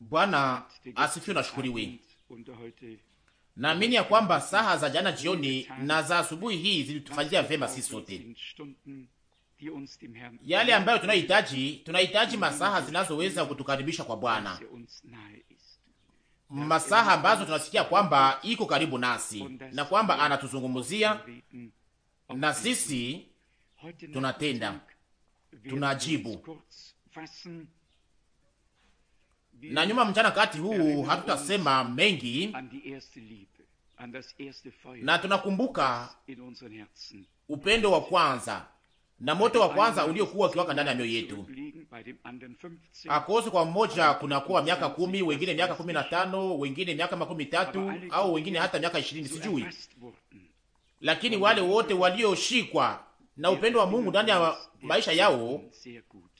Bwana asifiwe na shukuriwe. Naamini ya kwamba saha za jana jioni na za asubuhi hii zilitufanyia vyema sisi sote yale ambayo tunahitaji. Tunahitaji masaha zinazoweza kutukaribisha kwa Bwana, er er masaha ambazo tunasikia kwamba iko karibu nasi na kwamba anatuzungumzia na sisi tunatenda tunajibu na nyuma mchana kati huu hatutasema mengi, na tunakumbuka upendo wa kwanza na moto wa kwanza uliokuwa ukiwaka ndani ya mioyo yetu. Akose kwa mmoja kunakuwa miaka kumi, wengine miaka kumi na tano, wengine miaka makumi tatu, au wengine hata miaka ishirini, sijui, lakini wale wote walioshikwa na upendo wa Mungu ndani ya maisha yao,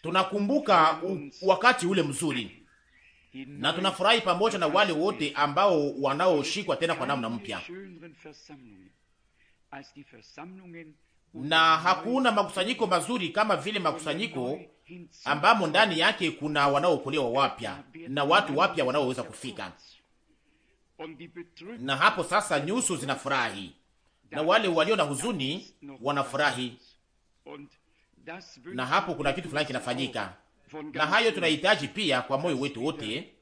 tunakumbuka wakati ule mzuri na tunafurahi pamoja na wale wote ambao wanaoshikwa tena kwa namna mpya. Na hakuna makusanyiko mazuri kama vile makusanyiko ambamo ndani yake kuna wanaookolewa wapya na watu wapya wanaoweza kufika, na hapo sasa nyuso zinafurahi na wale walio na huzuni wanafurahi, na hapo kuna kitu fulani kinafanyika. Na hayo tunahitaji pia kwa moyo wetu wote,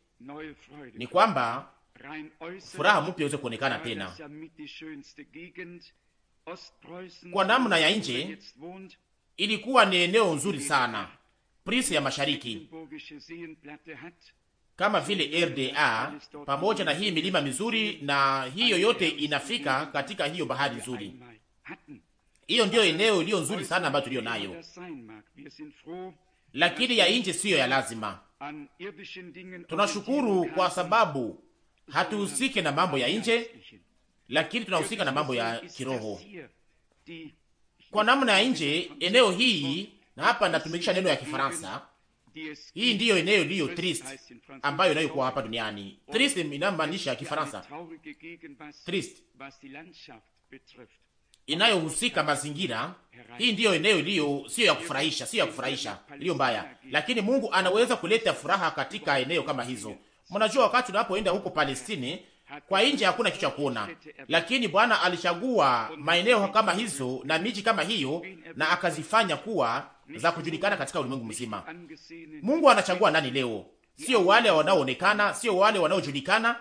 ni kwamba furaha mpya iweze kuonekana tena kwa namna ya nje. Ilikuwa ni eneo nzuri sana, Prince ya mashariki kama vile RDA pamoja na hii milima mizuri, na hiyo yote inafika katika hiyo bahari nzuri. Hiyo ndiyo eneo iliyo nzuri sana ambayo tuliyo nayo, lakini ya nje siyo ya lazima. Tunashukuru kwa sababu hatuhusike na mambo ya nje, lakini tunahusika na mambo ya kiroho kwa namna ya nje. Eneo hii na hapa natumikisha neno ya Kifaransa hii ndiyo eneo iliyo trist ambayo inayokuwa hapa duniani. Trist inamaanisha Kifaransa triste, inayohusika mazingira. Hii ndiyo eneo iliyo siyo ya kufurahisha, siyo ya kufurahisha, iliyo mbaya, lakini Mungu anaweza kuleta furaha katika eneo kama hizo. Mnajua, wakati unapoenda huko Palestini, kwa nje hakuna kitu cha kuona, lakini Bwana alichagua maeneo kama hizo na miji kama hiyo na akazifanya kuwa za kujulikana katika ulimwengu mzima. Mungu anachagua nani leo? Sio wale wanaoonekana, sio wale wanaojulikana.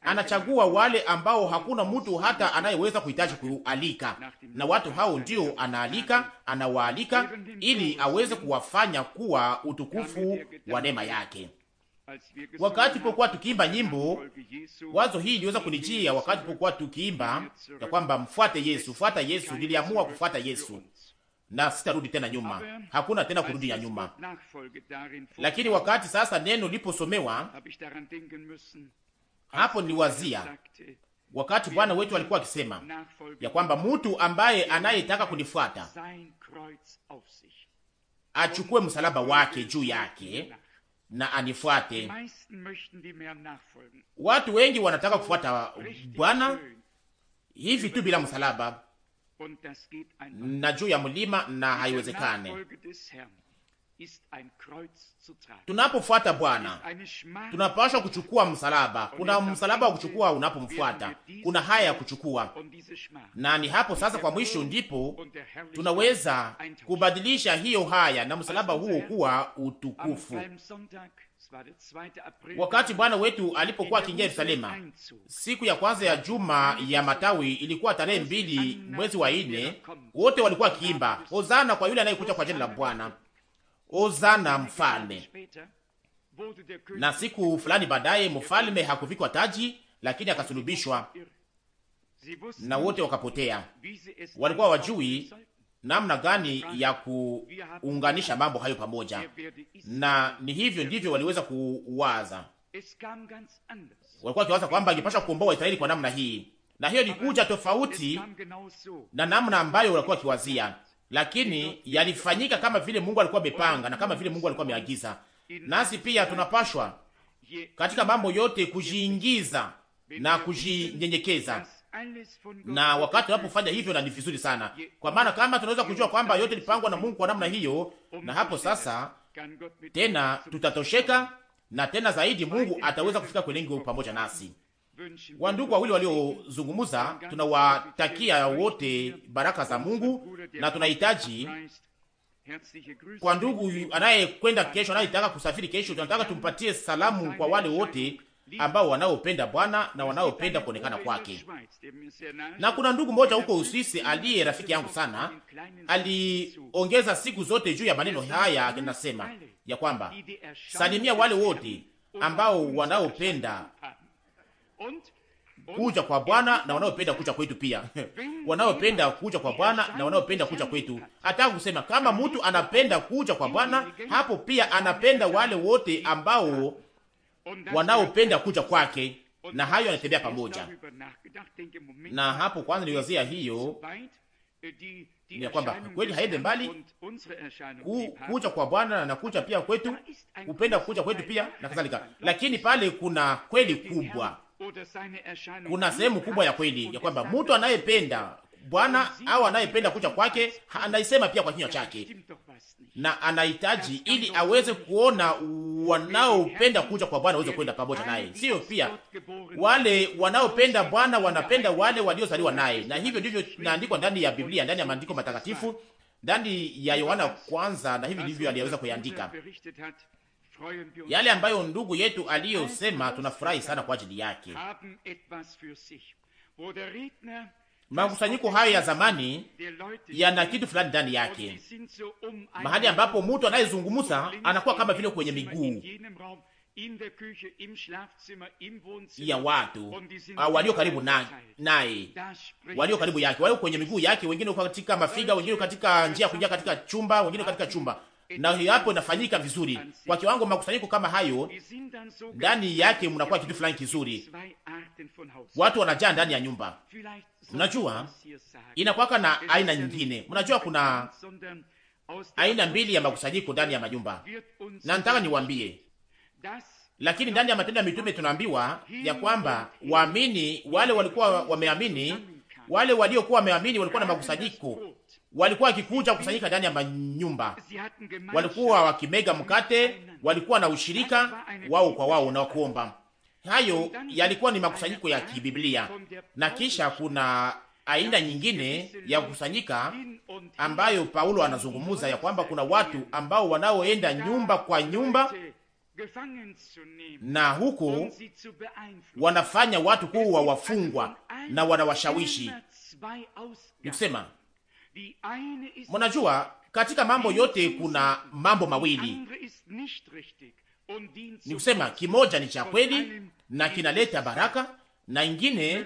Anachagua wale ambao hakuna mtu hata anayeweza kuhitaji kualika, na watu hao ndio anaalika, anawaalika ili aweze kuwafanya kuwa utukufu wa neema yake. Wakati pokuwa tukiimba nyimbo, wazo hii iliweza kunijia wakati pokuwa tukiimba ya kwamba mfuate Yesu, fuata Yesu. Niliamua kufuata Yesu na sitarudi tena nyuma, hakuna tena kurudi ya nyuma. Lakini wakati sasa neno liposomewa hapo, niliwazia wakati Bwana wetu alikuwa akisema ya kwamba mtu ambaye anayetaka kunifuata achukue msalaba wake juu yake na anifuate. Watu wengi wanataka kufuata Bwana hivi tu bila msalaba na juu ya mlima na haiwezekane. Tunapofuata er Bwana tunapashwa kuchukua msalaba. Er kuna msalaba wa kuchukua unapomfuata, kuna haya ya kuchukua, na ni hapo sasa, kwa mwisho, ndipo tunaweza kubadilisha hiyo haya na msalaba huo kuwa utukufu. Wakati Bwana wetu alipokuwa akiingia Yerusalema siku ya kwanza ya juma ya matawi, ilikuwa tarehe mbili mwezi wa nne, wote walikuwa wakiimba hozana kwa yule anayekuja kwa jina la Bwana, hozana mfalme. Na siku fulani baadaye mfalme hakuvikwa taji, lakini akasulubishwa na wote wakapotea. Walikuwa wajui namna gani ya kuunganisha mambo hayo pamoja, na ni hivyo ndivyo waliweza kuwaza. Walikuwa wakiwaza kwamba ingepasha kuomboa Waisraeli kwa namna hii, na hiyo ni kuja tofauti na namna ambayo walikuwa wakiwazia, lakini yalifanyika kama vile Mungu alikuwa amepanga na kama vile Mungu alikuwa ameagiza. Nasi pia tunapashwa katika mambo yote kujiingiza na kujinyenyekeza na wakati wanapofanya hivyo, na ni vizuri sana, kwa maana kama tunaweza kujua kwamba yote ilipangwa na Mungu kwa namna hiyo, na hapo sasa tena tutatosheka, na tena zaidi Mungu ataweza kufika kwenye lengo pamoja nasi. Wandugu wawili waliozungumza, tunawatakia wote baraka za Mungu, na tunahitaji kwa ndugu anayekwenda kesho, anayetaka kusafiri kesho, tunataka tumpatie salamu kwa wale wote ambao wanaopenda Bwana na wanaopenda kuonekana kwake. Na kuna ndugu mmoja huko Uswisi aliye rafiki yangu sana, aliongeza siku zote juu ya maneno haya, akinasema ya kwamba salimia wale wote ambao wanaopenda kuja kwa Bwana na wanaopenda kuja kwetu pia. wanaopenda kuja kwa Bwana na wanaopenda kuja kwetu. Hata kusema kama mtu anapenda kuja kwa Bwana, hapo pia anapenda wale wote ambao wanaopenda kuja kwake, na hayo yanatembea pamoja. Na hapo kwanza niliwazia hiyo ni kwamba kweli haende mbali ku, kuja kwa Bwana na kuja pia kwetu, kupenda kuja kwetu pia na kadhalika, lakini pale kuna kweli kubwa, kuna sehemu kubwa ya kweli ya kwamba mtu anayependa Bwana au anayependa kucha kwake anaisema pia kwa kinywa chake, na anahitaji ili aweze kuona wanaopenda kuja kwa Bwana waweze kwenda pamoja naye. Sio pia wale wanaopenda Bwana wanapenda wale waliozaliwa naye, na hivyo ndivyo naandikwa ndani ya Biblia, ndani ya maandiko matakatifu, ndani ya Yohana kwanza, na hivi ndivyo aliyeweza kuyaandika yale ambayo ndugu yetu aliyosema. Tunafurahi sana kwa ajili yake. Makusanyiko hayo ya zamani yana kitu fulani ndani yake, mahali ambapo mtu anayezungumza anakuwa kama vile kwenye miguu ya watu walio karibu naye, walio karibu yake, walio kwenye miguu yake, wengine katika mafiga, wengine katika njia ya kuingia katika chumba, wengine katika chumba na hiyo hapo inafanyika vizuri kwa kiwango. Makusanyiko kama hayo, ndani yake mnakuwa kitu fulani kizuri, watu wanajaa ndani ya nyumba. Mnajua inakwaka na aina nyingine, mnajua kuna aina mbili ya makusanyiko ndani ya majumba, na nataka niwaambie lakini ndani ya Matendo ya Mitume tunaambiwa ya kwamba waamini wale walikuwa wameamini, wale waliokuwa wameamini walikuwa na makusanyiko walikuwa wakikuja kukusanyika ndani ya manyumba, walikuwa wakimega mkate, walikuwa na ushirika wao kwa wao na kuomba. Hayo yalikuwa ni makusanyiko ya kibiblia, na kisha kuna aina nyingine ya kukusanyika ambayo Paulo anazungumuza ya kwamba kuna watu ambao wanaoenda nyumba kwa nyumba na huko um wanafanya watu kuwa wafungwa na wanawashawishi kusema Mnajua, katika mambo yote kuna mambo mawili, ni kusema kimoja ni cha kweli na kinaleta baraka na ingine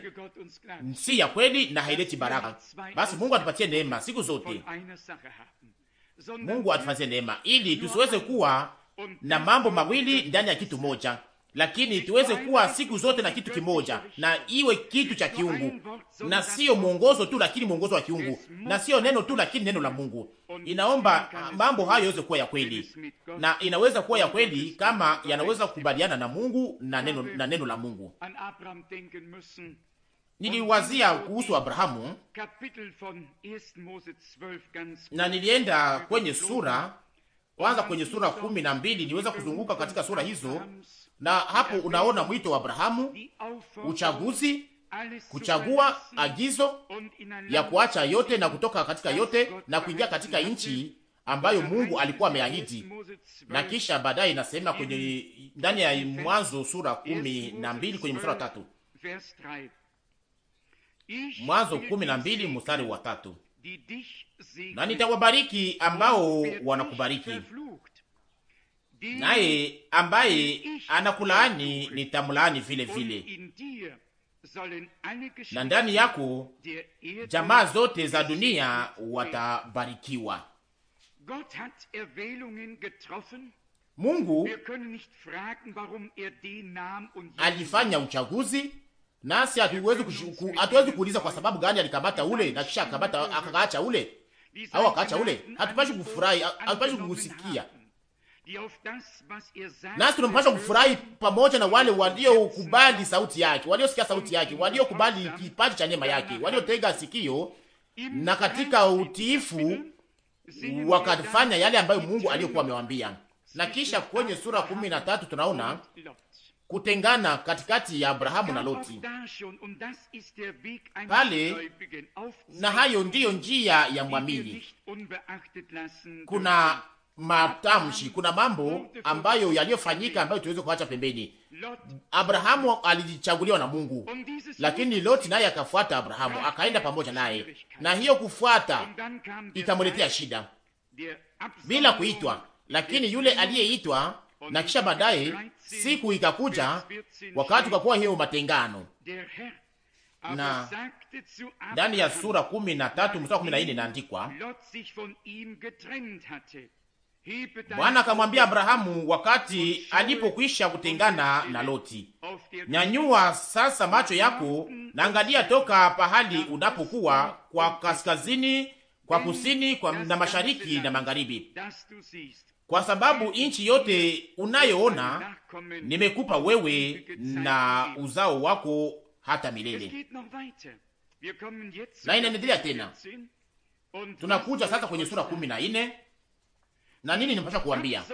si ya kweli na haileti baraka. Basi Mungu atupatie neema siku zote, Mungu atupatie neema ili tusiweze kuwa na mambo mawili ndani ya kitu moja lakini tuweze kuwa siku zote na kitu kimoja, na iwe kitu cha kiungu, na sio mwongozo tu, lakini mwongozo wa kiungu, na sio neno tu, lakini neno la Mungu. Inaomba mambo hayo yaweze kuwa ya kweli, na inaweza kuwa ya kweli kama yanaweza kukubaliana na Mungu na neno, na neno la Mungu. Niliwazia kuhusu Abrahamu na nilienda kwenye sura kwanza, kwenye sura kumi na mbili kuzunguka katika sura hizo na hapo unaona mwito wa Abrahamu, uchaguzi, kuchagua agizo ya kuacha yote na kutoka katika yote na kuingia katika nchi ambayo Mungu alikuwa ameahidi. Na kisha baadaye inasema kwenye ndani ya Mwanzo sura kumi na mbili kwenye mstari wa tatu, Mwanzo kumi na mbili mstari wa tatu, na nitawabariki ambao wanakubariki naye ambaye anakulaani nitamlaani vile vile, na ndani yako jamaa zote za dunia watabarikiwa. Mungu er alifanya uchaguzi, nasi hatuwezi kuuliza kwa sababu gani alikamata ule na kisha akaacha ule au akaacha ule. Hatupashi kufurahi, hatupashi kusikia nasi tunampasha kufurahi pamoja na wale waliokubali sauti yake, waliosikia sauti yake, waliokubali kipaji cha neema yake, waliotega sikio na katika utiifu wakafanya yale ambayo Mungu aliyokuwa amewambia. Na kisha kwenye sura kumi na tatu tunaona kutengana katikati ya Abrahamu na Loti pale, na hayo ndiyo njia ya mwamini. Kuna matamshi, kuna mambo ambayo yaliyofanyika ambayo tuweze kuacha pembeni. Abrahamu alichaguliwa na Mungu, lakini Loti naye akafuata Abrahamu, akaenda pamoja naye, na hiyo kufuata itamuletea shida bila kuitwa, lakini yule aliyeitwa na kisha baadaye siku ikakuja wakati ukakuwa hiyo matengano, na ndani ya sura kumi na tatu mstari kumi na nne inaandikwa Bwana akamwambia Abrahamu wakati alipokwisha kutengana na Loti, nyanyua sasa macho yako na angalia toka pahali unapokuwa, kwa kaskazini, kwa kusini, kwa na mashariki na magharibi, kwa sababu nchi yote unayoona nimekupa wewe na uzao wako hata milele. Na inaendelea tena, tunakuja sasa kwenye sura kumi na nne na nini nimepasha kuambia?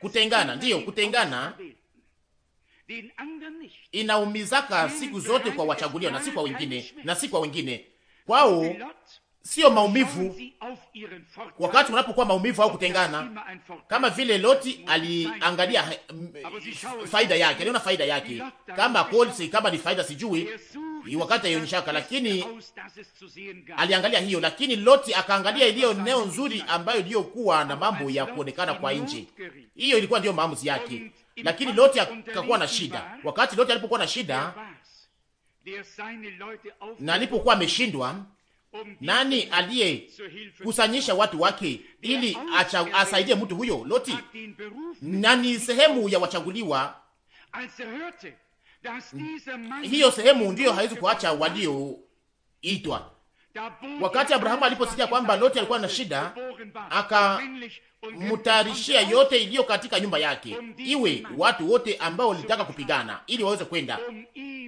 Kutengana, ndiyo kutengana inaumizaka siku zote kwa wachaguliwa na si kwa wengine, na si kwa wengine kwao Sio maumivu wakati unapokuwa maumivu au kutengana, kama vile Loti aliangalia mm, faida yake, aliona faida yake. Kama Kolsi, kama ni faida sijui, wakati aionyeshaka, lakini aliangalia hiyo, lakini Loti akaangalia iliyo eneo nzuri ambayo iliyokuwa na mambo ya kuonekana kwa nje. Hiyo ilikuwa ndiyo maamuzi yake, lakini Loti akakuwa na shida. Wakati Loti alipokuwa na shida na alipokuwa ameshindwa, nani aliyekusanyisha watu wake ili acha, asaidie mtu huyo Loti? Na ni sehemu ya wachaguliwa hiyo sehemu ndiyo haiwezi kuacha walioitwa. Wakati Abrahamu aliposikia kwamba Loti alikuwa na shida, akamtayarishia yote iliyo katika nyumba yake, iwe watu wote ambao walitaka kupigana, ili waweze kwenda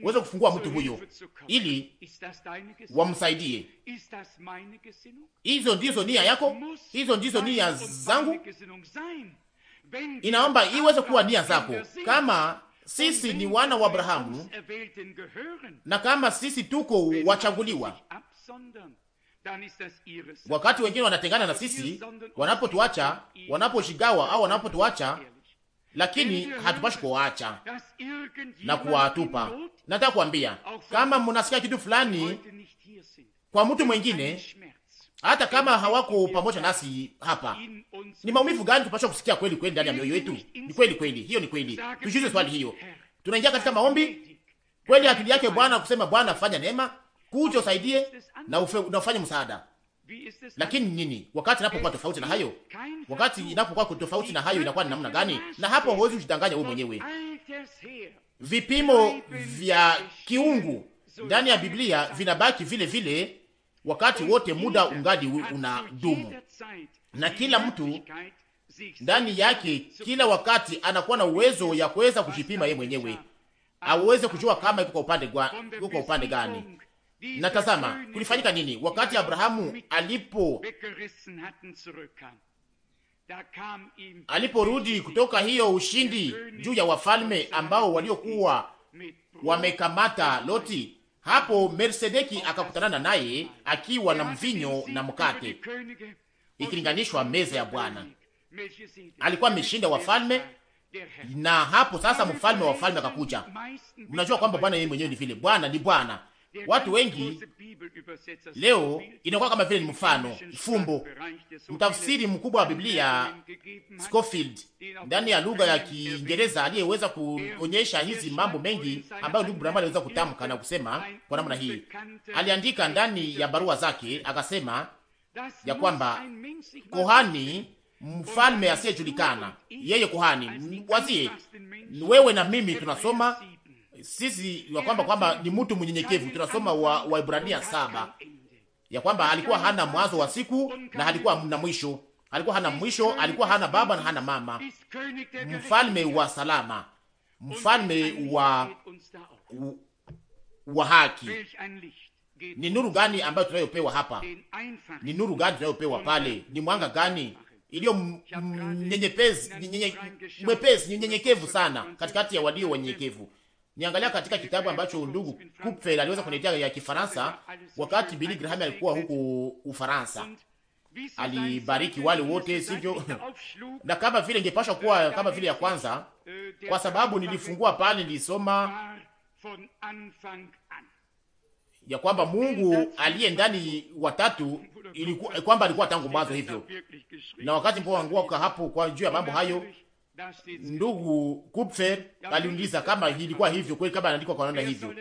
waweze kufungua mtu huyo, ili wamsaidie. Hizo ndizo nia yako, hizo ndizo nia zangu. Inaomba iweze kuwa nia zako kama sisi ni wana wa Abrahamu, na kama sisi tuko wachaguliwa, wakati wengine wanatengana na sisi, wanapotuacha, wanaposhigawa au wanapotuacha, lakini hatupashi kuwaacha na kuwatupa. Nataka kuambia kama mnasikia kitu fulani kwa mtu mwengine hata kama hawako pamoja nasi hapa. Ni maumivu gani tupasha kusikia kweli kweli ndani ya mioyo yetu? Ni kweli kweli, hiyo ni kweli. Tujiulize swali hiyo. Tunaingia katika maombi kweli, akili yake Bwana kusema, Bwana fanya neema, kuja usaidie na ufanye msaada. Lakini nini wakati inapokuwa tofauti na hayo? Wakati inapokuwa tofauti na hayo inakuwa ni namna gani? Na hapo huwezi kujidanganya wewe mwenyewe. Vipimo vya kiungu ndani ya Biblia vinabaki vile vile wakati wote, muda ungali dumu na kila mtu ndani yake kila wakati anakuwa na uwezo ya kuweza kujipima yeye mwenyewe, aweze kujua kama yuko kwa upande gwa, yuko kwa upande gani. Na tazama kulifanyika nini wakati Abrahamu alipo aliporudi kutoka hiyo ushindi juu ya wafalme ambao waliokuwa wamekamata Loti hapo Melkisedeki akakutanana naye akiwa na mvinyo na mkate, ikilinganishwa meza ya Bwana. Alikuwa ameshinda wafalme, na hapo sasa mfalme wa wafalme akakuja. Mnajua kwamba Bwana yeye mwenyewe ni vile, Bwana ni Bwana Watu wengi leo inakuwa kama vile ni mfano fumbo. Mtafsiri mkubwa wa Biblia Scofield ndani ya lugha ya Kiingereza aliyeweza kuonyesha hizi mambo mengi ambayo ndugu Branham aliweza kutamka na kusema kwa namna hii, aliandika ndani ya barua zake akasema ya kwamba kohani mfalme asiyejulikana, yeye kohani, wazie wewe na mimi tunasoma sisi ya kwamba kwamba ni mtu mnyenyekevu. Tunasoma wa Waibrania saba ya kwamba alikuwa hana mwanzo wa siku na alikuwa na mwisho, alikuwa hana mwisho, alikuwa hana baba na hana mama, mfalme wa salama, mfalme wa wa haki. Ni nuru gani ambayo tunayopewa hapa? Ni nuru gani tunayopewa pale? Ni mwanga gani iliyo mnyenyepezi, nyenyekevu sana katikati ya walio wanyenyekevu. Niangalia katika kitabu ambacho ndugu Kupfel aliweza kuniletea ya Kifaransa wakati Billy Graham alikuwa huko Ufaransa. Alibariki wale wote sivyo? na kama vile ingepasha kuwa kama vile ya kwanza, kwa sababu nilifungua pale, nilisoma ya kwamba Mungu aliye ndani watatu ilikuwa kwamba alikuwa tangu mwanzo hivyo, na wakati mpo wangu hapo kwa juu ya mambo hayo Ndugu Kupfer aliuliza kama ilikuwa hivyo kweli, kama anaandikwa kwa namna hivyo,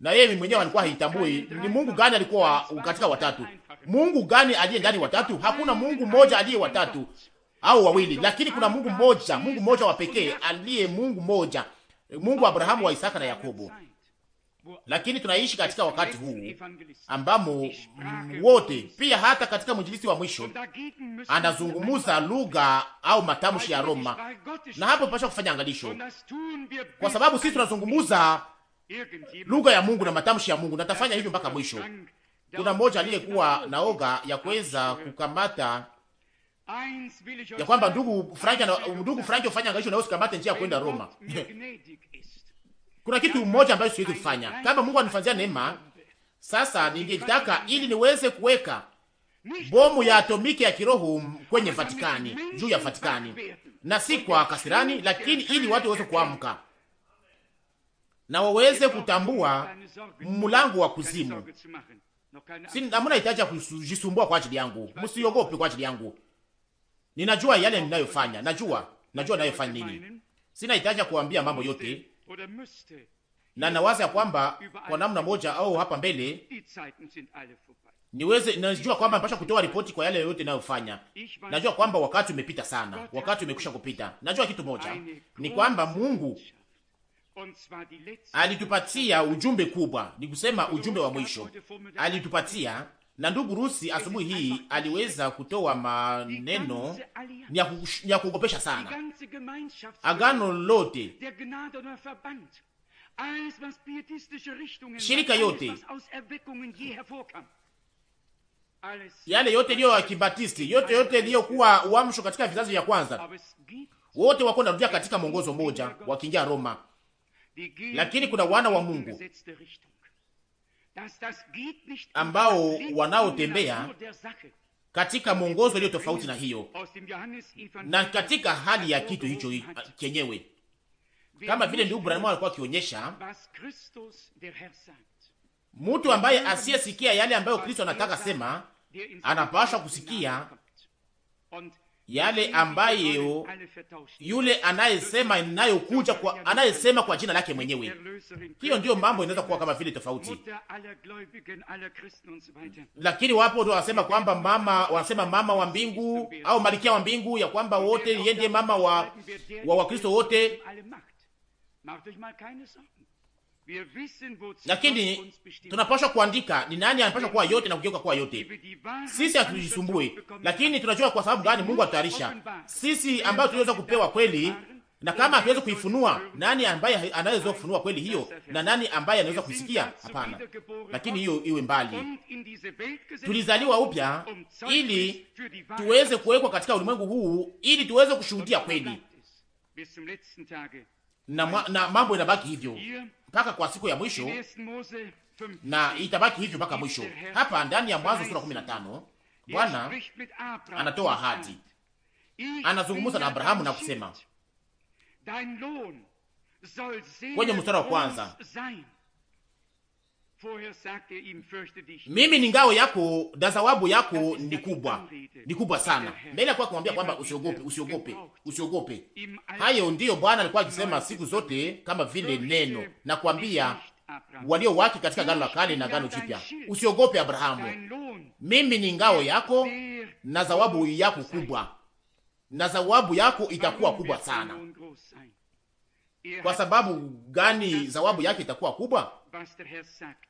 na yeye mwenyewe alikuwa haitambui ni Mungu gani alikuwa katika watatu. Mungu gani aliye ndani watatu? Hakuna Mungu mmoja aliye watatu au wawili, lakini kuna Mungu mmoja, Mungu mmoja wa pekee aliye Mungu mmoja, Mungu wa Abrahamu, wa Isaka na Yakobo lakini tunaishi katika wakati huu ambamo wote pia hata katika mwinjilisi wa mwisho anazungumuza lugha au matamshi ya Roma, na hapo pasha kufanya angalisho, kwa sababu sisi tunazungumuza lugha ya Mungu na matamshi ya Mungu, na tafanya hivyo mpaka mwisho. Kuna mmoja aliyekuwa na oga ya kuweza kukamata ya kwamba ndugu Frank ndugu Frank ufanya angalisho na usikamate njia ya kwenda Roma Kuna kitu mmoja ambacho siwezi kufanya. Kama Mungu anifanyia neema, sasa ningetaka ili niweze kuweka bomu ya atomiki ya kiroho kwenye Vatikani, juu ya Vatikani, na si kwa kasirani, lakini ili watu waweze kuamka na waweze kutambua mlango wa kuzimu. Hamuna hitaji ya kujisumbua kwa ajili yangu, msiogope kwa ajili yangu. Ninajua yale ninayofanya, najua najua ninayofanya nini. Sina hitaji kuambia mambo yote na nawaza ya kwamba kwa namna moja au hapa mbele niweze, najua kwamba napasha kutoa ripoti kwa yale yote inayofanya. Najua kwamba wakati umepita sana, wakati umekwisha kupita. Najua kitu moja ni kwamba Mungu alitupatia ujumbe kubwa, ni kusema ujumbe wa mwisho alitupatia na ndugu Rusi asubuhi hii aliweza kutoa maneno ya kuogopesha sana. Agano lote shirika yote yale yote liyo ya Kibatisti, yote yote iliyokuwa uamsho katika vizazi vya kwanza, wote wako narudia katika mwongozo mmoja wakiingia Roma, lakini kuna wana wa Mungu ambao wanaotembea katika mwongozo iliyo tofauti na hiyo na katika hali ya kitu hicho chenyewe, kama vile ndugu Branham alikuwa akionyesha mtu ambaye asiyesikia yale ambayo Kristo anataka sema, anapaswa kusikia yale ambayo yule anayesema inayokuja kwa anayesema kwa jina lake mwenyewe. Hiyo ndiyo mambo inaweza kuwa kama vile tofauti, lakini wapo ndio wanasema kwamba mama, wanasema mama wa mbingu au malikia wa mbingu, ya kwamba wote yeye ndiye mama wa wa Wakristo wote lakini tunapashwa kuandika ni nani anapashwa kuwa yote na kugeuka kuwa yote. Sisi hatujisumbue, lakini tunajua kwa sababu gani Mungu atutayarisha sisi ambayo tuliweza kupewa kweli, na kama hatuwezi kuifunua, nani ambaye anaweza kufunua kweli hiyo? Na nani ambaye anaweza kuisikia? Hapana, lakini hiyo iwe mbali. Tulizaliwa upya ili tuweze kuwekwa katika ulimwengu huu, ili tuweze kushuhudia kweli na, ma, na mambo inabaki hivyo mpaka kwa siku ya mwisho na itabaki hivyo mpaka mwisho. Hapa ndani ya Mwanzo sura 15 Bwana anatoa ahadi, anazungumza na Abrahamu na kusema kwenye mstari wa kwanza mimi ni ngao yako na zawabu yako ni kubwa, ni kubwa sana. Mbele alikuwa kumwambia kwamba usiogope, usiogope, usiogope. Hayo ndiyo Bwana alikuwa akisema siku zote, kama vile neno na kuambia walio wake katika gano la kale na gano jipya, usiogope Abrahamu, mimi ni ngao yako na zawabu yako kubwa, na zawabu yako itakuwa kubwa sana. Kwa sababu gani zawabu yake itakuwa kubwa?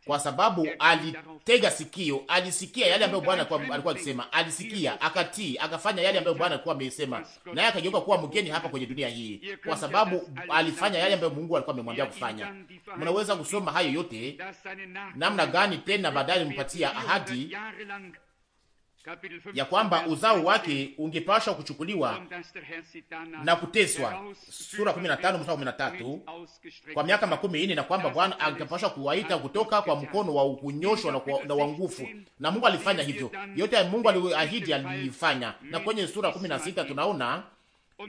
Kwa sababu alitega sikio, alisikia yale ambayo Bwana alikuwa akisema, alisikia akatii, akafanya yale ambayo Bwana alikuwa amesema, naye akageuka kuwa mgeni hapa kwenye dunia hii, kwa sababu alifanya yale ambayo Mungu alikuwa amemwambia kufanya. Mnaweza kusoma hayo yote, namna gani tena baadaye mpatia ahadi ya kwamba uzao wake ungepashwa kuchukuliwa na kuteswa, sura 15 mstari 13, kwa miaka makumi ine, na kwamba Bwana angepashwa kuwaita kutoka kwa mkono wa kunyoshwa na, na wa nguvu, na Mungu alifanya hivyo. Yote Mungu aliahidi alifanya, na kwenye sura 16 tunaona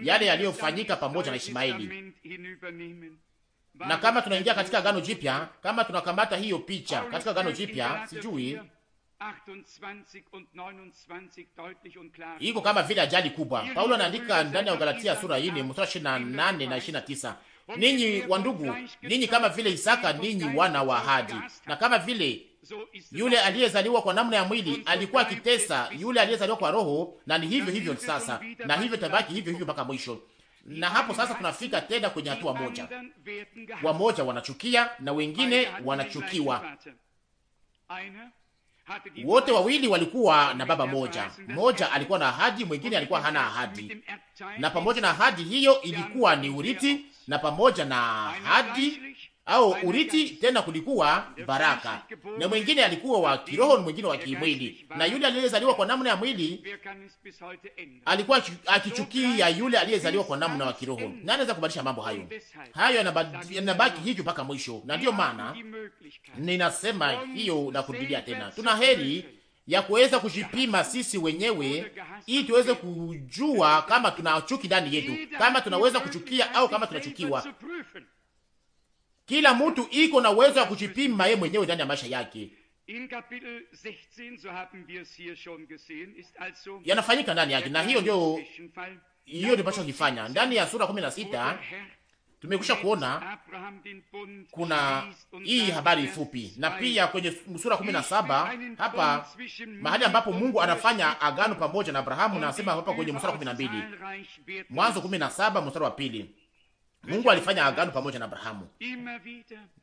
yale yaliyofanyika pamoja na Ishmaeli. Na kama tunaingia katika gano Jipya, kama tunakamata hiyo picha katika gano Jipya, sijui iko kama vile ajali kubwa. Paulo anaandika ndani ya Galatia sura ine mstari ishirini na nane na ishirini na tisa ninyi wa ndugu, ninyi kama vile Isaka, ninyi wana wa ahadi, na kama vile yule aliyezaliwa kwa namna ya mwili alikuwa akitesa yule aliyezaliwa kwa roho, na ni hivyo hivyo sasa, na hivyo tabaki hivyo hivyo mpaka mwisho. Na hapo sasa tunafika tena kwenye hatua moja, wamoja wanachukia na wengine wanachukiwa wote wawili walikuwa na baba moja, mmoja alikuwa na ahadi, mwingine alikuwa hana ahadi, na pamoja na ahadi hiyo ilikuwa ni urithi, na pamoja na ahadi au urithi tena, kulikuwa baraka, na mwingine alikuwa wa kiroho na mwingine wa kimwili. Na yule aliyezaliwa kwa namna ya mwili alikuwa akichukia yule aliyezaliwa kwa namna ya kiroho. Nani anaweza kubadilisha mambo hayo? Hayo yanabaki hivyo mpaka mwisho, na ndiyo maana ninasema hiyo na kurudia tena, tuna heri ya kuweza kujipima sisi wenyewe ili tuweze kujua kama tuna chuki ndani yetu, kama tunaweza kuchukia au kama tunachukiwa kila mtu iko na uwezo wa kujipima yeye mwenyewe ndani ya maisha yake. Yanafanyika ndani yake, na hiyo ndio hiyo ndio pasha kifanya Ndani ya sura 16 tumekwisha kuona kuna hii habari fupi, na pia kwenye sura 17 hapa mahali ambapo Mungu anafanya agano pamoja na Abrahamu, na anasema hapa kwenye mstari wa 12, Mwanzo 17 mstari wa pili Mungu alifanya agano pamoja na Abrahamu,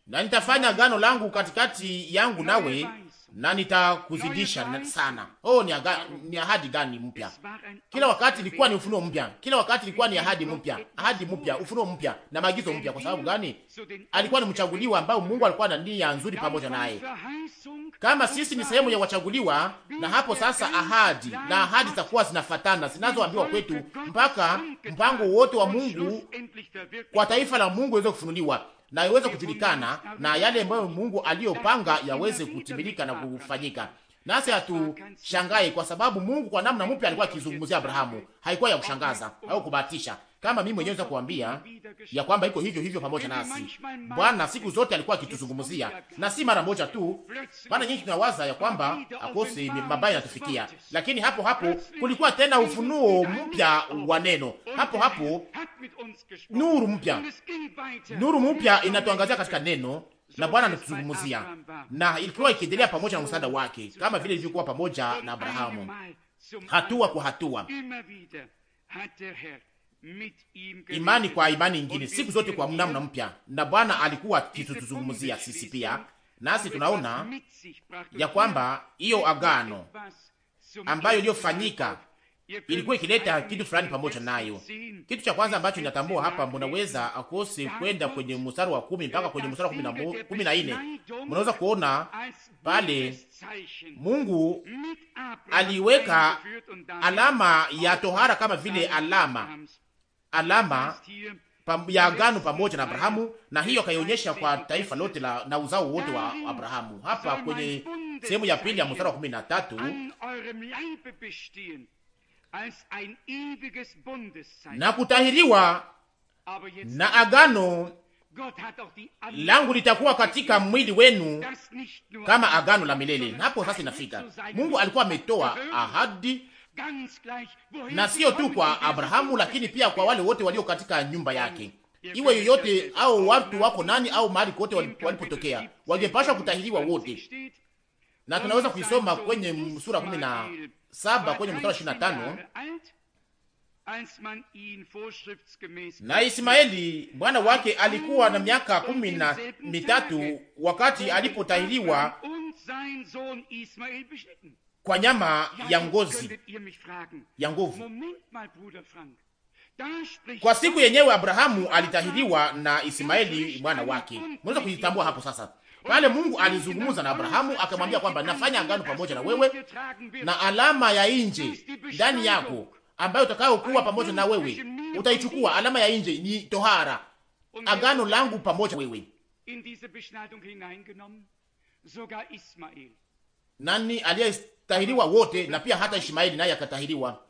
na nitafanya agano langu katikati yangu nawe na nitakuzidisha sana. Oh, ni, aga, ni ahadi gani mpya! Kila wakati ilikuwa ni ufunuo mpya, kila wakati ilikuwa ni ahadi mpya, ahadi mpya, ufunuo mpya na maagizo mpya. Kwa sababu gani? Alikuwa ni mchaguliwa ambao Mungu alikuwa na nia nzuri pamoja naye kama sisi ni sehemu ya wachaguliwa, na hapo sasa ahadi na ahadi zitakuwa zinafatana zinazoambiwa kwetu, mpaka mpango wote wa Mungu kwa taifa la Mungu iweze kufunuliwa na iweze kujulikana, na yale ambayo Mungu aliyopanga yaweze kutimilika na kufanyika. Nasi hatushangae kwa sababu Mungu kwa namna mpya alikuwa akizungumzia Abrahamu, haikuwa ya kushangaza au kubahatisha kama mimi mwenyewe naweza kuambia ya kwamba iko hivyo hivyo pamoja nasi. Bwana siku zote alikuwa akituzungumzia, na si mara moja tu. Bwana nyingi tunawaza ya kwamba akose mabaya yanatufikia, lakini hapo hapo kulikuwa tena ufunuo mpya wa neno, hapo hapo nuru mpya, nuru mpya inatuangazia katika neno na Bwana anatuzungumzia, na ilikuwa ikiendelea pamoja na msaada wake, kama vile ilivyokuwa pamoja na Abrahamu, hatua kwa hatua imani kwa imani ingine, siku zote kwa namna mpya. Na Bwana alikuwa akituzungumzia sisi pia, nasi tunaona ya kwamba hiyo agano ambayo iliyofanyika ilikuwa ikileta kitu fulani pamoja nayo. Kitu cha kwanza ambacho inatambua hapa, mnaweza akose kwenda kwenye mstari wa kumi mpaka kwenye mstari wa kumi na nne mnaweza kuona pale Mungu aliweka alama ya tohara kama vile alama alama ya agano pamoja na Abrahamu, na hiyo akaionyesha kwa taifa lote la, na uzao wote wa Abrahamu. Hapa kwenye sehemu ya pili ya mstari wa 13 na kutahiriwa na agano langu litakuwa katika mwili wenu kama agano la milele. Hapo sasa inafika, Mungu alikuwa ametoa ahadi na sio tu kwa Abrahamu, lakini pia kwa wale wote walio katika nyumba yake, iwe yoyote au watu wako nani au mahali kote walipotokea, wangepashwa kutahiriwa wote. Na tunaweza kuisoma kwenye sura kumi na saba kwenye mstari ishirini na tano na Ismaeli bwana wake alikuwa na miaka kumi na mitatu wakati alipotahiriwa kwa nyama ya ngozi ya nguvu. Kwa siku yenyewe Abrahamu alitahiriwa na Ismaeli mwana wake. Mnaweza kujitambua hapo sasa. Pale Mungu alizungumza na Abrahamu akamwambia kwamba nafanya agano pamoja na wewe na alama ya nje ndani yako ambayo utakayokuwa pamoja na wewe utaichukua. Alama ya nje ni tohara, er agano langu pamoja wewe nani aliyestahiliwa wote, na pia hata Ishmaeli naye akatahiliwa.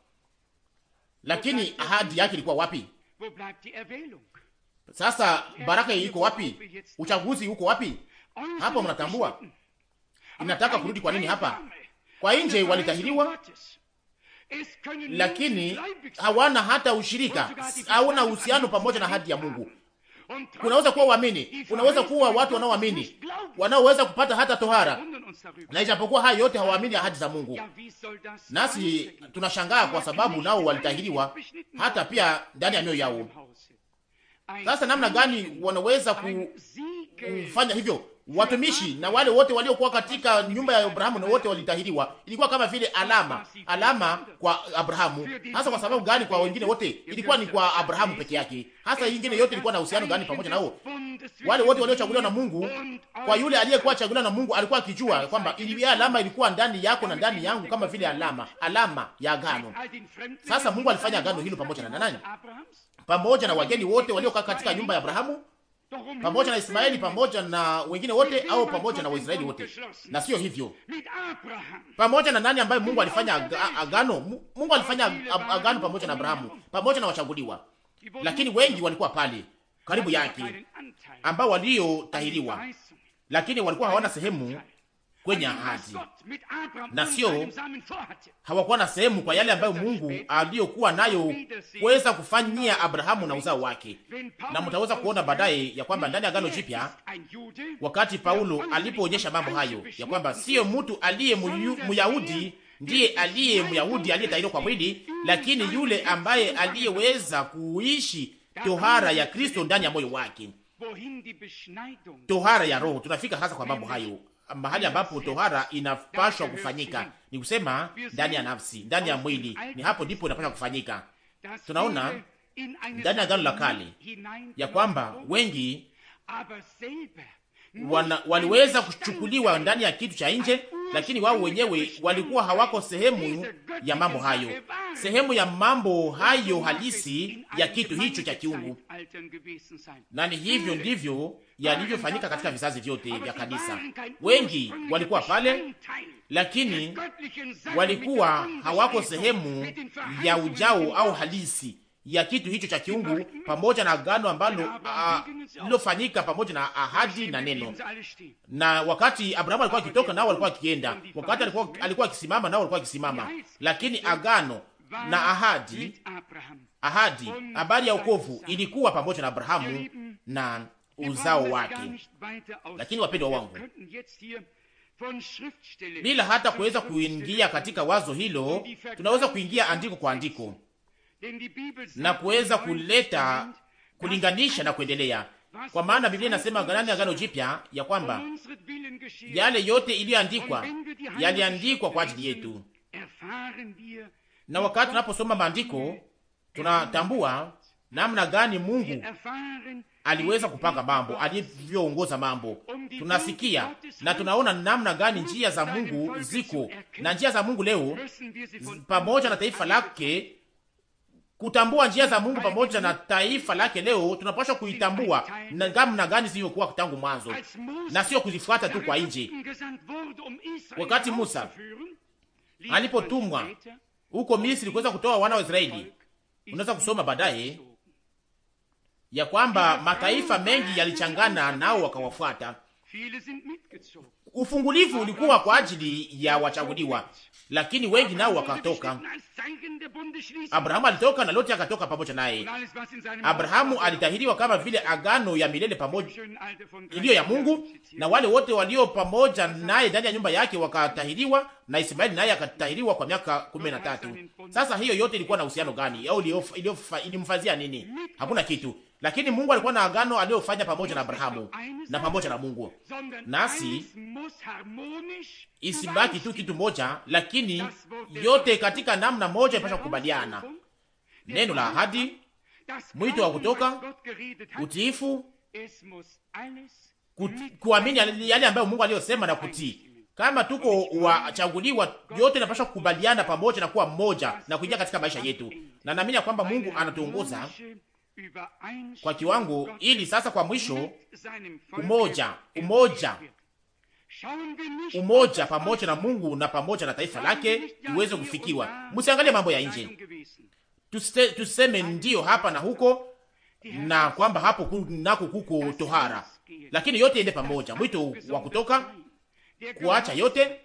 Lakini ahadi yake ilikuwa wapi? Sasa baraka iko wapi? Uchaguzi uko wapi? Hapo mnatambua inataka kurudi. Kwa nini hapa? Kwa nje walitahiriwa, lakini hawana hata ushirika, hawana uhusiano pamoja na hadi ya Mungu. Unaweza kuwa uamini, unaweza kuwa watu wanaoamini wanaoweza kupata hata tohara, na ijapokuwa haya yote hawaamini ahadi za Mungu, nasi tunashangaa kwa sababu nao walitahiriwa hata pia ndani ya mioyo yao. Sasa namna gani wanaweza kufanya hivyo? watumishi na wale wote waliokuwa katika nyumba ya Abrahamu na wote walitahiriwa. Ilikuwa kama vile alama, alama kwa Abrahamu. Hasa kwa sababu gani? Kwa wengine wote ilikuwa ni kwa Abrahamu peke yake. Hasa nyingine yote ilikuwa na uhusiano gani pamoja nao? Wale wote waliochaguliwa na Mungu, kwa yule aliyekuwa chaguliwa na Mungu alikuwa akijua kwamba ili alama ilikuwa ndani yako na ndani yangu, kama vile alama, alama ya agano. Sasa Mungu alifanya agano hilo pamoja na nani? Pamoja na wageni wote waliokaa katika nyumba ya Abrahamu pamoja na Ismaeli pamoja na wengine wote au pamoja na Waisraeli wote, na sio hivyo pamoja na nani ambaye Mungu alifanya agano. Mungu alifanya agano pamoja na Abrahamu, pamoja na wachaguliwa, lakini wengi walikuwa pale karibu yake ambao waliotahiriwa, lakini walikuwa hawana sehemu kwenye ahadi, na sio hawakuwa na sehemu kwa yale ambayo Mungu aliyokuwa nayo kuweza kufanyia Abrahamu na uzao wake. Na mtaweza kuona baadaye ya kwamba ndani ya Agano Jipya, wakati Paulo alipoonyesha mambo hayo ya kwamba siyo mtu aliye Myahudi ndiye aliye Myahudi aliyetahiriwa kwa mwili, lakini yule ambaye aliyeweza kuishi tohara ya Kristo ndani ya moyo wake, tohara ya roho. Tunafika hasa kwa mambo hayo mahali ambapo tohara inapashwa kufanyika, ni kusema ndani ya nafsi, ndani ya mwili, ni hapo ndipo inapashwa kufanyika. Tunaona ndani ya Agano la Kale ya kwamba wengi wana, waliweza kuchukuliwa ndani ya kitu cha nje, lakini wao wenyewe walikuwa hawako sehemu ya mambo hayo, sehemu ya mambo hayo halisi ya kitu hicho cha kiungu. Na ni hivyo ndivyo yalivyofanyika katika vizazi vyote vya kanisa. Wengi walikuwa pale, lakini walikuwa hawako sehemu ya ujao au halisi ya kitu hicho cha kiungu pamoja na agano ambalo ah, lilofanyika pamoja na ahadi na neno. Na wakati Abrahamu alikuwa akitoka, nao walikuwa akienda, wakati alikuwa alikuwa akisimama, nao walikuwa akisimama, lakini agano na ahadi, ahadi, habari ya ukovu ilikuwa pamoja na Abrahamu na uzao wake. Lakini wapendwa wangu, bila hata kuweza kuingia katika wazo hilo, tunaweza kuingia andiko kwa andiko na kuweza kuleta kulinganisha na kuendelea, kwa maana Biblia inasema ndani ya Agano Jipya ya kwamba yale yote iliyoandikwa yaliandikwa kwa ajili yetu, na wakati tunaposoma maandiko tunatambua namna gani Mungu aliweza kupanga mambo, alivyoongoza mambo. Tunasikia na tunaona namna gani njia za Mungu ziko na njia za Mungu leo, pamoja na taifa lake kutambua njia za Mungu pamoja na taifa lake leo, tunapaswa kuitambua na namna gani zilivyokuwa tangu mwanzo na sio kuzifuata tu kwa nje. Wakati Musa alipotumwa huko Misri kuweza kutoa wana wa Israeli, unaweza kusoma baadaye ya kwamba mataifa mengi yalichangana nao wakawafuata. Ufungulivu ulikuwa kwa ajili ya wachaguliwa, lakini wengi nao wakatoka. Abrahamu alitoka na Loti akatoka pamoja naye. Abrahamu alitahiriwa kama vile agano ya milele pamoja iliyo ya Mungu, na wale wote walio pamoja naye ndani ya nyumba yake wakatahiriwa, na Ismaeli naye akatahiriwa kwa miaka kumi na tatu. Sasa hiyo yote ilikuwa na uhusiano gani au ilimfazia nini? Hakuna kitu lakini Mungu alikuwa na agano aliyofanya pamoja na Abrahamu na pamoja na Mungu, nasi isibaki tu kitu moja, lakini yote katika namna moja ipasha kukubaliana: neno la ahadi, mwito wa kutoka, utiifu, kuamini yale ambayo Mungu aliyosema na kutii. Kama tuko wachaguliwa, yote inapaswa kukubaliana pamoja na kuwa mmoja na kuingia katika maisha yetu, na naamini kwamba Mungu anatuongoza kwa kiwango, ili sasa kwa mwisho, umoja umoja umoja pamoja na Mungu na pamoja na taifa lake iweze kufikiwa. Msiangalie mambo ya nje, tuseme ndiyo hapa na huko, na kwamba hapo nako kuko tohara, lakini yote ende pamoja. Mwito wa kutoka, kuacha yote,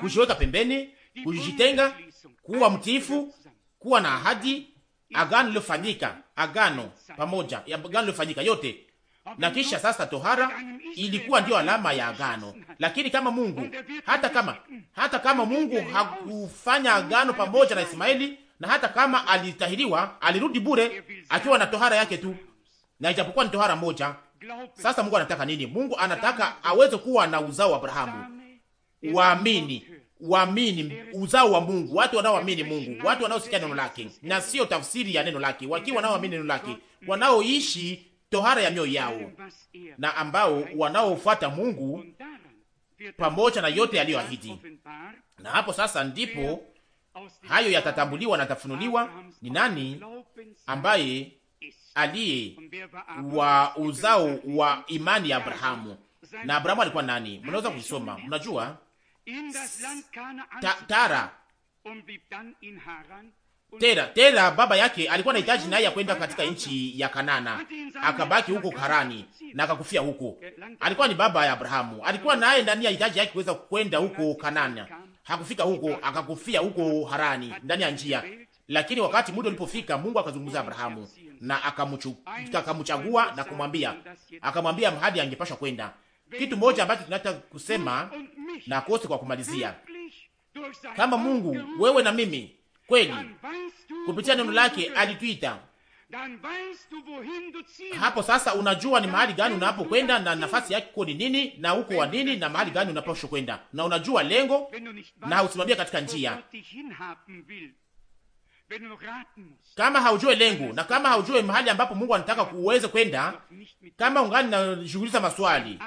kujiweka pembeni, kujitenga, kuwa mtiifu, kuwa na ahadi agano lilofanyika, agano pamoja, agano lilofanyika yote. Na kisha sasa tohara ilikuwa ndiyo alama ya agano, lakini kama Mungu hata kama hata kama Mungu hakufanya agano pamoja na Ismaeli, na hata kama alitahiriwa, alirudi bure akiwa na tohara yake tu, na ijapokuwa ni tohara moja. Sasa Mungu anataka nini? Mungu anataka aweze kuwa na uzao wa Abrahamu, waamini waamini, uzao wa Mungu, watu wanaoamini Mungu, watu wanaosikia neno lake na sio tafsiri ya neno lake, wakiwa wanaoamini neno lake, wanaoishi tohara ya mioyo yao na ambao wanaofuata Mungu pamoja na yote aliyoahidi. Na hapo sasa ndipo hayo yatatambuliwa na tafunuliwa ni nani ambaye aliye wa uzao wa imani ya Abrahamu. Na Abrahamu alikuwa nani? Mnaweza kusoma, mnajua Tara um Tera, Tera baba yake alikuwa na hitaji naye ya kwenda katika nchi ya Kanana, akabaki huko Karani na akakufia huko. Eh, alikuwa ni baba ya Abrahamu, alikuwa naye ndani ya hitaji yake kuweza kwenda huko Kanana, hakufika huko, akakufia huko Harani ndani ya njia. Lakini wakati muda ulipofika, Mungu akazungumza Abrahamu na akamchagua na kumwambia, akamwambia mahali angepashwa kwenda kitu moja ambacho tunata kusema na kose kwa kumalizia, kama Mungu wewe na mimi kweli kupitia neno lake alituita hapo sasa, unajua ni mahali gani unapokwenda na nafasi yake kuwa ni nini na huko wa nini na mahali gani unapaswa kwenda, na unajua lengo na usimamia katika njia kama haujue lengo na kama haujue mahali ambapo Mungu anataka kuweze kwenda, kama ungani nashughuliza maswali,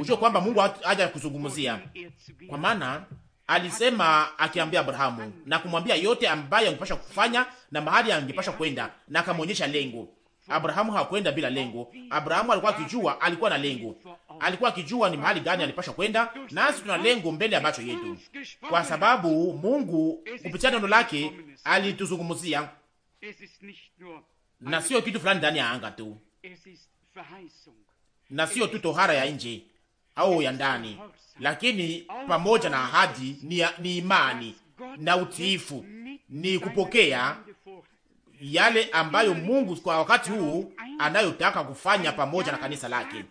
ujue kwamba Mungu haja kuzungumzia, er kwa maana alisema er akiambia Abrahamu na kumwambia yote ambayo angepasha kufanya na mahali angepasha er kwenda, na akamwonyesha lengo Abrahamu hakwenda bila lengo. Abrahamu alikuwa akijua, alikuwa na lengo, alikuwa akijua ni mahali gani alipasha kwenda, nasi tuna lengo mbele ya macho yetu, kwa sababu Mungu kupitia neno lake alituzungumzia, na sio kitu fulani ndani ya anga tu, na sio tu tohara ya nje au ya ndani, lakini pamoja na ahadi ni, ni imani na utiifu, ni kupokea yale ambayo Mungu kwa wakati huu anayotaka kufanya pamoja na kanisa lake.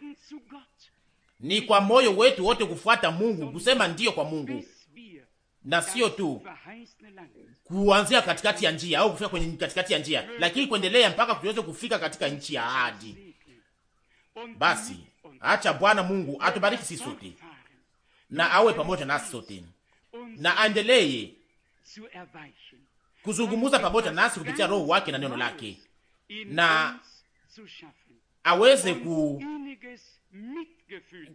Ni kwa moyo wetu wote kufuata Mungu, kusema ndiyo kwa Mungu na sio tu kuanzia katikati ya njia au kufika kwenye katikati ya njia, lakini kuendelea mpaka tuweze kufika katika nchi ya ahadi. Basi acha Bwana Mungu atubariki sisi sote na awe pamoja nasi sote na aendelee kuzungumza pamoja nasi kupitia Roho wake na neno lake, na aweze ku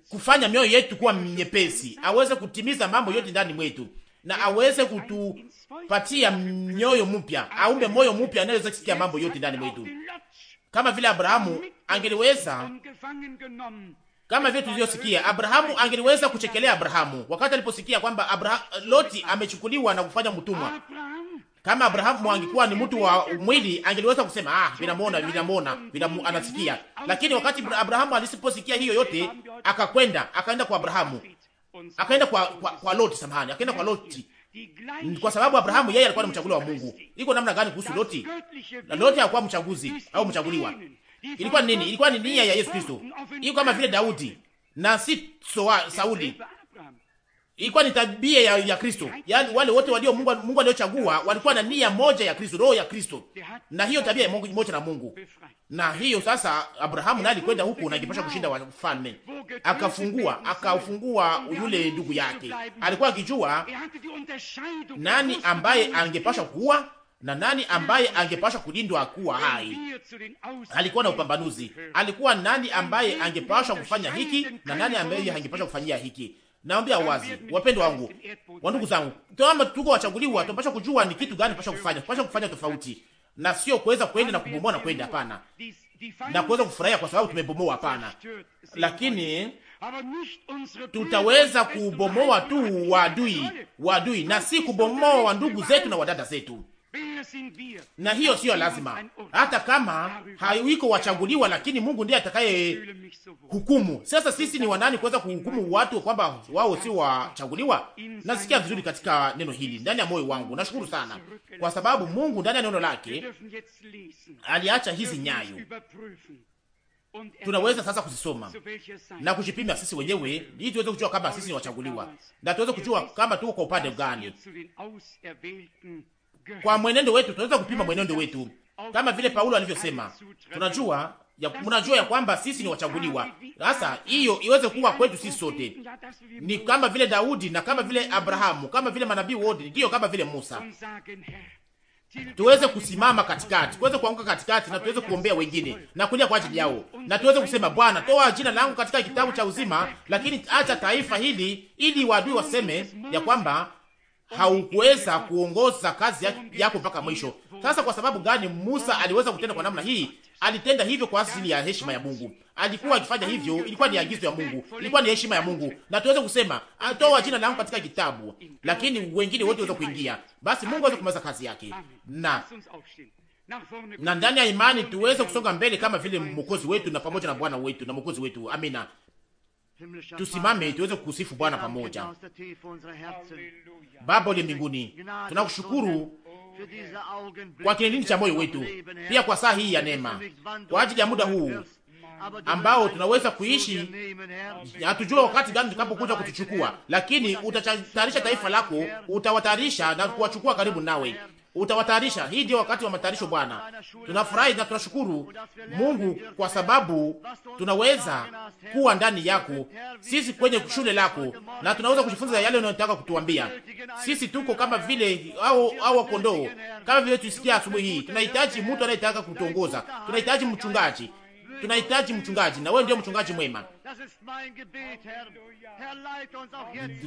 kufanya mioyo yetu kuwa nyepesi, aweze kutimiza mambo yote ndani mwetu, na aweze kutupatia mioyo mpya, aumbe moyo mpya anayeweza kusikia mambo yote ndani mwetu, kama vile Abrahamu angeliweza kama vile tulivyosikia Abrahamu angeliweza kuchekelea Abrahamu wakati aliposikia kwamba Abra Loti amechukuliwa na kufanya mtumwa. Kama Abrahamu angekuwa ni mtu wa mwili angeliweza kusema ah, vinamwona vinamwona vinamu, anasikia. Lakini wakati Abrahamu alisiposikia hiyo yote, akakwenda akaenda kwa Abrahamu, akaenda kwa kwa, kwa Loti, samahani, akaenda kwa Loti, kwa sababu Abrahamu yeye alikuwa ni mchaguli wa Mungu. Iko namna gani kuhusu Loti? Na Loti hakuwa mchaguzi au mchaguliwa. Ilikuwa nini? Ilikuwa ni nia ya Yesu Kristo, iko kama vile Daudi na si Sauli Ilikuwa ni tabia ya, ya Kristo. Yaani wale wote walio Mungu, Mungu aliochagua walikuwa na nia moja ya Kristo, roho ya Kristo. Na hiyo tabia ya Mungu moja na Mungu. Na hiyo sasa Abrahamu naye alikwenda huko na ikipasha kushinda wafalme. Akafungua, akafungua yule ndugu yake. Alikuwa akijua nani ambaye angepasha kuwa na nani ambaye angepasha kulindwa kuwa hai. Alikuwa na upambanuzi. Alikuwa nani ambaye angepasha kufanya hiki na nani ambaye angepasha kufanyia hiki. Naambia wazi wapendwa wangu, wa ndugu zangu, kama tuko wachaguliwa, tunapaswa kujua ni kitu gani tunapaswa kufanya. Tunapaswa kufanya tofauti na sio kuweza kwenda na kubomoa na kwenda, hapana, na kuweza kufurahia kwa sababu tumebomoa, hapana, lakini tutaweza kubomoa tu waadui, waadui na si kubomoa wa ndugu zetu na wadada zetu na hiyo siyo lazima, hata kama hawiko wachaguliwa, lakini Mungu ndiye atakaye hukumu. Sasa sisi ni wanani kuweza kuhukumu watu kwamba wao si wachaguliwa? Nasikia vizuri katika neno hili ndani ya moyo wangu. Nashukuru sana kwa sababu Mungu ndani ya neno lake aliacha hizi nyayo tunaweza sasa kuzisoma na kujipima sisi wenyewe, ili tuweze kujua kama sisi ni wachaguliwa na tuweze kujua kama tuko kwa upande gani kwa mwenendo wetu tunaweza kupima mwenendo wetu kama vile Paulo alivyosema, tunajua ya, mnajua ya kwamba sisi ni wachaguliwa. Sasa hiyo iweze kuwa kwetu sisi sote, ni kama vile Daudi na kama vile Abrahamu, kama vile manabii wote, ndiyo kama vile Musa, tuweze kusimama katikati, tuweze kuanguka katikati, na tuweze kuombea wengine na kulia kwa ajili yao, na tuweze kusema Bwana, toa jina langu katika kitabu cha uzima, lakini acha taifa hili, ili wadui waseme ya kwamba haukuweza kuongoza kazi yako mpaka mwisho. Sasa kwa sababu gani Musa aliweza kutenda kwa namna hii? Alitenda hivyo kwa ajili ya heshima ya Mungu. Alikuwa akifanya hivyo, ilikuwa ni agizo ya Mungu, ilikuwa ni heshima ya Mungu. Na tuweze kusema atoa jina langu katika kitabu, lakini wengine wote waweza kuingia. Basi Mungu aweze kumaliza kazi yake, na na ndani ya imani tuweze kusonga mbele kama vile mwokozi wetu na pamoja na Bwana wetu na mwokozi wetu. Amina. Tusimame tuweze kukusifu Bwana pamoja. Baba uliye mbinguni, tunakushukuru kwa kilindini cha moyo wetu, pia kwa saa hii ya neema, kwa ajili ya muda huu ambao tunaweza kuishi. Hatujua wakati gani tutakapokuja kutuchukua, lakini utatayarisha taifa lako, utawatayarisha na kuwachukua karibu nawe utawatayarisha. Hii ndio wakati wa matayarisho. Bwana, tunafurahi na tunashukuru Mungu kwa sababu tunaweza kuwa ndani yako, sisi kwenye shule lako, na tunaweza kujifunza yale unayotaka kutuambia. Sisi tuko kama vile au au kondoo, kama vile tusikia asubuhi hii. Tunahitaji mtu anayetaka kutuongoza, tunahitaji mchungaji tunahitaji mchungaji, na wewe ndio mchungaji mwema.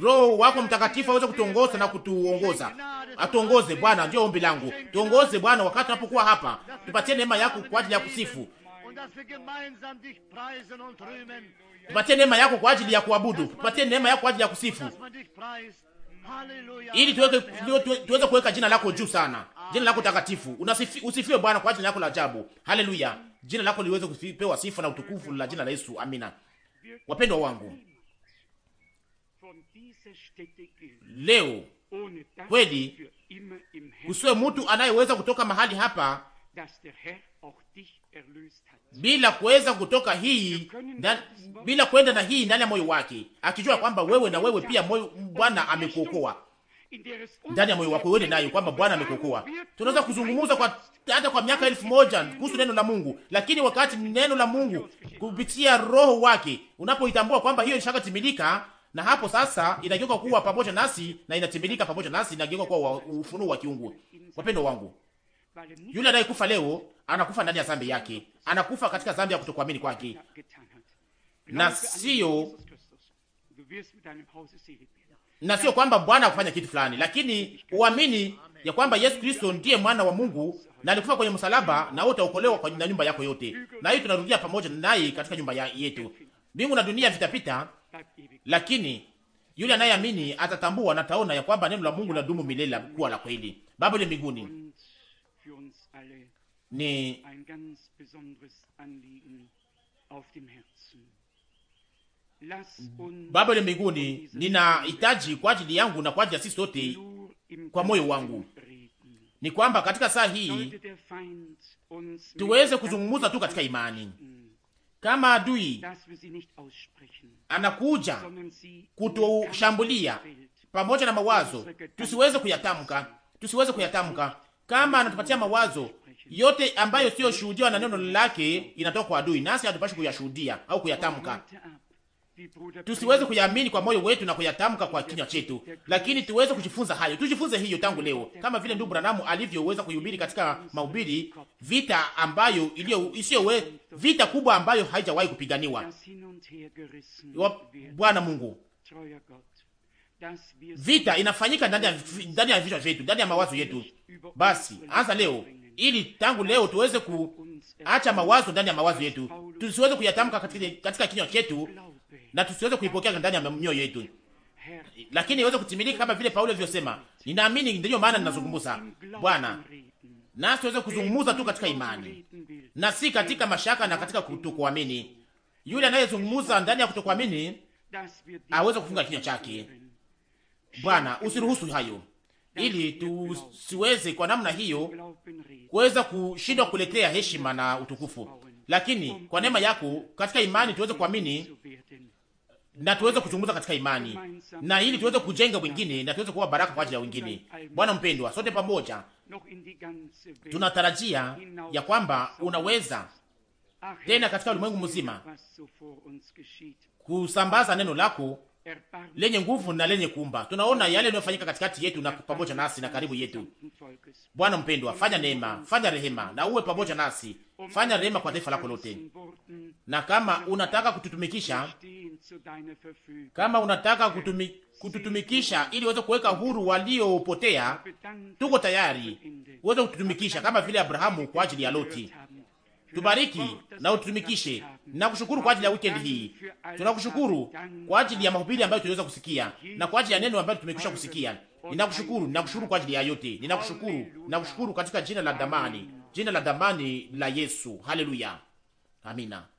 Roho wako Mtakatifu aweze kutuongoza na kutuongoza, atuongoze Bwana, ndio ombi langu. Tuongoze Bwana wakati tunapokuwa hapa, tupatie neema yako kwa ajili ya kusifu, tupatie neema yako kwa ajili ya kuabudu, tupatie neema yako kwa ajili ya kusifu, ili tuweze tuweze kuweka jina lako juu sana, jina lako takatifu. usifiwe Bwana kwa ajili yako la ajabu. Haleluya jina lako liweze kupewa sifa na utukufu la jina la Yesu. Amina. Wapendwa wangu, leo kweli kusiwe mtu anayeweza kutoka mahali hapa bila kuweza kutoka hii na, bila kwenda na hii ndani ya moyo wake akijua kwamba wewe na wewe pia Bwana amekuokoa ndani ya moyo wako uone nayo kwamba Bwana amekuokoa. Tunaweza kuzungumza kwa hata kwa miaka elfu moja kuhusu neno la Mungu, lakini wakati neno la Mungu kupitia roho wake unapoitambua kwamba hiyo ishakatimilika, na hapo sasa inageuka kuwa pamoja nasi na inatimilika pamoja nasi, inageuka kuwa ufunuo wa kiungu. Wapendo wangu, yule anayekufa leo anakufa ndani ya zambi yake, anakufa katika zambi ya kutokuamini kwake na sio na sio kwamba Bwana akufanya kitu fulani, lakini uamini ya kwamba Yesu Kristo ndiye mwana wa Mungu na alikufa kwenye msalaba, na wewe utaokolewa kwa na nyumba yako yote, na hii tunarudia pamoja naye katika nyumba yetu. Mbingu na dunia vitapita, lakini yule anayeamini atatambua na taona ya kwamba neno la Mungu la dumu milele la kuwa la kweli. Baba ile mbinguni ni Baba ya mbinguni, ninahitaji kwa ajili yangu na kwa ajili ya sisi sote kwa moyo wangu ni kwamba katika saa hii tuweze kuzungumza tu katika imani. Kama adui anakuja kutushambulia pamoja na mawazo, tusiweze kuyatamka, tusiweze kuyatamka. Kama anatupatia mawazo yote ambayo sio shuhudiwa na neno lake, inatoka kwa adui, nasi hatupashi kuyashuhudia au kuyatamka tusiweze kuyaamini kwa moyo wetu na kuyatamka kwa kinywa chetu, lakini tuweze kujifunza hayo. Tujifunze hiyo tangu leo, kama vile ndugu Branamu alivyoweza kuhubiri katika mahubiri, vita ambayo iliyo isiyo we vita kubwa ambayo haijawahi kupiganiwa. Bwana Mungu, vita inafanyika ndani ya ndani ya vichwa vyetu, ndani ya mawazo yetu. Basi anza leo, ili tangu leo tuweze kuacha mawazo ndani ya mawazo yetu, tusiweze kuyatamka katika, katika kinywa chetu na tusiweze kuipokea ndani ya mioyo yetu, lakini iweze kutimilika kama vile Paulo alivyosema. Ninaamini, ndiyo maana ninazungumza Bwana, nasi tuweze kuzungumza tu katika imani na si katika mashaka na katika kutokuamini. Yule anayezungumza ndani ya kutokuamini aweze kufunga kinywa chake. Bwana, usiruhusu hayo, ili tusiweze kwa namna hiyo kuweza kushindwa kuletea heshima na utukufu lakini kwa neema yako katika imani tuweze kuamini na tuweze kuchunguza katika imani, na ili tuweze kujenga wengine na tuweze kuwa baraka kwa ajili ya wengine. Bwana mpendwa, sote pamoja tunatarajia ya kwamba unaweza tena katika ulimwengu mzima kusambaza neno lako lenye nguvu na lenye kuumba. Tunaona yale yanayofanyika katikati yetu na pamoja nasi na karibu yetu. Bwana mpendwa, fanya neema, fanya rehema na uwe pamoja nasi, fanya rehema kwa taifa lako lote. Na kama unataka kututumikisha, kama unataka kutumi, kututumikisha ili uweze kuweka huru waliopotea, tuko tayari uweze kututumikisha kama vile Abrahamu kwa ajili ya Loti tubariki na ututumikishe. Nakushukuru kwa ajili ya weekend hii, tunakushukuru kwa ajili ya mahubiri ambayo tuliweza kusikia na kwa ajili ya neno ambayo tumekwisha kusikia. Ninakushukuru, ninakushukuru kwa ajili ya yote, ninakushukuru, ninakushukuru katika jina la damani, jina la damani la Yesu. Haleluya, amina.